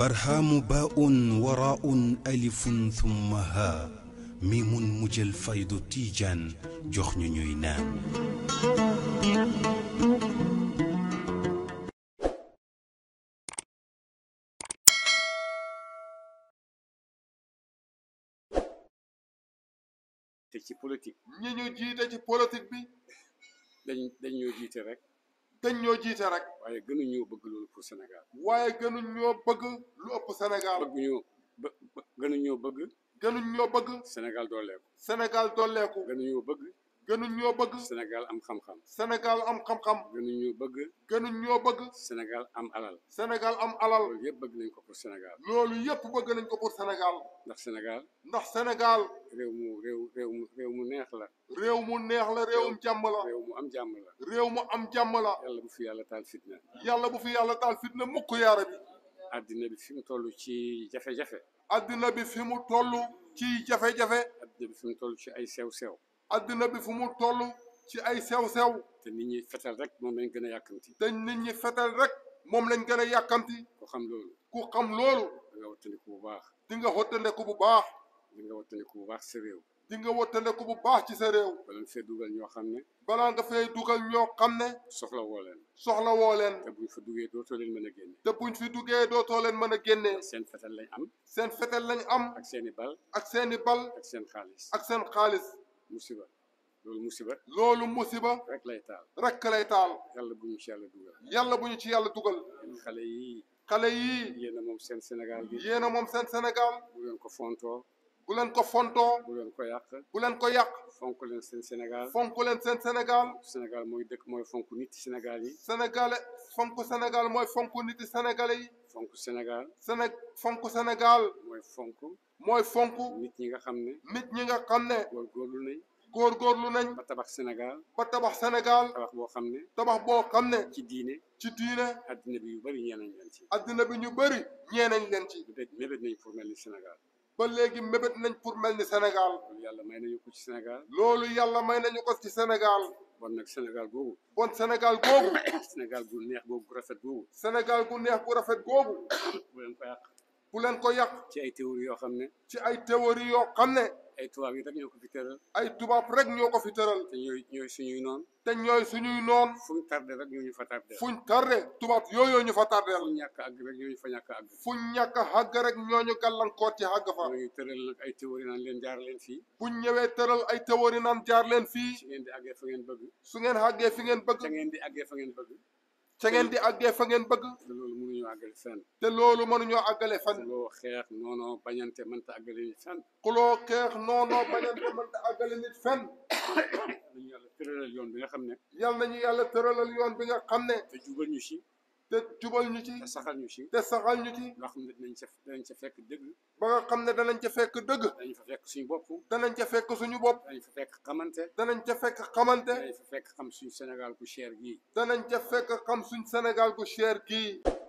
برهام باء وراء ألف ثم هاء ميم مجل فيض تيجان جخن نينام تجي بوليتيك نيو جيتا جي بوليتيك بي دنيو dañ ñoo jiite rek. waaye gënuñ ñoo bëgg loolu senegal waaye gënuñ ñoo bëgg lu ëpp Sénégal. bëgg ñoo bë gënuñ bëgg. gënuñ ñoo bëgg. Sénégal dooleeku. Sénégal dooleeku. gënuñ ñoo bëgg. gënuñ ñoo bëgg. Sénégal am xam-xam. Sénégal am xam-xam. gënuñ ñoo bëgg. gënuñ ñoo bëgg. Sénégal am alal. Sénégal am alal. loolu yëpp bëgg nañ ko pour Sénégal. loolu yëpp bëgg nañ ko pour Sénégal. ndax Sénégal. ndax Sénégal. réew mu réew réew mu réew mu neex la. réew mu neex la mu jàmm la. réew mu am jàmm la. réew mu am jàmm la. yàlla bu fi yàlla taal fitna. yàlla bu fi yàlla taal fitna mukk yaara bi. addina bi fi mu toll ci jafe-jafe. addina bi fi mu toll ci jafe-jafe. addina bi fi mu toll ci ay sew-sew adduna bi fu mu tollu ci ay sew-sew te nit ñi fetal rek mom lañ gëna a yàkkamti te nit ñi fetal rek mom lañ gëna a ko xam loolu ku xam loolu di nga ko bu baax di nga wotale ko bu baax di nga wotale ko bu baax ci rew di nga wotale ko bu baax ci sa rew bala nga fee dugal ño xamne ne balaa nga fay dugal ño xamne soxla wo len soxla wo len te buñ fi duggé dootoo leen mën a génne te buñ fi duggé dootoo leen mën a génne sen fetal lañ am sen fetal lañ am ak seen bal ak seen bal ak sen xaalis ak sen xaalis musiba loolu musiba loolu musiba rek lay taal rek lay taal yàlla bu ñu ci yàlla dugal yàlla bu ñu ci yàlla dugal xale yii xale yii yéen a moom seen Sénégal bi yéen a moom seen Sénégal bu ngeen ko fontoo bu leen ko fonto bu leen ko yak bu leen ko yak fonk len sen Senegal fonk len sen senegal senegal moy dekk moy fonk nit senegal yi senegal fonk senegal moy fonk nit Senegal, yi fonk senegal Séné fonk senegal moy fonk moy fonk nit ñi nga xamne nit ñi nga Gor gor góorgóorlu nañ góorgóorlu nañ ba tabax Sénégal ba tabax Sénégal tabax boo xam tabax boo xam ci diine ci diine aduna bi yu bari ñeenañ nañ ci aduna bi ñu bari ñeenañ nañ ci mébét nañ pour mel ba léegi mébét nañ pour mel ni Sénégal. loolu yàlla may nañu ko ci Sénégal. loolu yàlla may nañu ko ci Sénégal. bon nag Sénégal googu. bon Sénégal googu. Sénégal gu neex googu rafet googu. Sénégal gu neex gu rafet googu. bu leen ko yàq. bu leen ko yàq. ci ay théories yoo xam ne. ci ay théories yoo xam ne. ay tubaab yi rek ñoo ko fi tëral. ay tubaab rek ñoo ko fi tëral. te ñooy ñooy suñuy noon. te ñooy suñuy noon. fuñ tardé rek ñoo ñu fa tardé. fuñ tardé tubaab yooyu ñu fa tardé. fuñ ñàkk a àgg rek ñoo ñu fa ñàkk a àgg. fuñ ñàkk a àgg rek ñoo ñu gàllankoor ci àgg fa. ñooñu tëral nag ay théorie naan leen jaar leen fii. buñ ñëwee tëral ay théorie naan jaar leen fii. su ngeen di àggee fa geen bëgg. su ngeen àggee fi ngeen ngeen di àggee di àggee fa ngeen bëgg àggale fenn te loolu mënuñoo àggale fenn xuloo xeex noonoo bañante mënta àggale nit fenn xuloo xeex noonoo bañante mënta àggale nit fenn nañu yàlla tëralal yoon bi nga xam ne yàlla nañu yàlla tëralal yoon bi nga xam ne te jubal ñu si te jubal ñu ci te saxal ñu ci te saxal ñu ci loo xam ne dinañ ca danañ ca fekk dëgg ba nga xam ne danañ ca fekk dëgg danañ fa fekk suñu bopp danañ ca fekk suñu bopp danañ fa fekk xamante danañ ca fekk xamante danañ fa fekk xam suñu Sénégal gu cher gii danañ ca fekk xam suñu Sénégal gu cher gii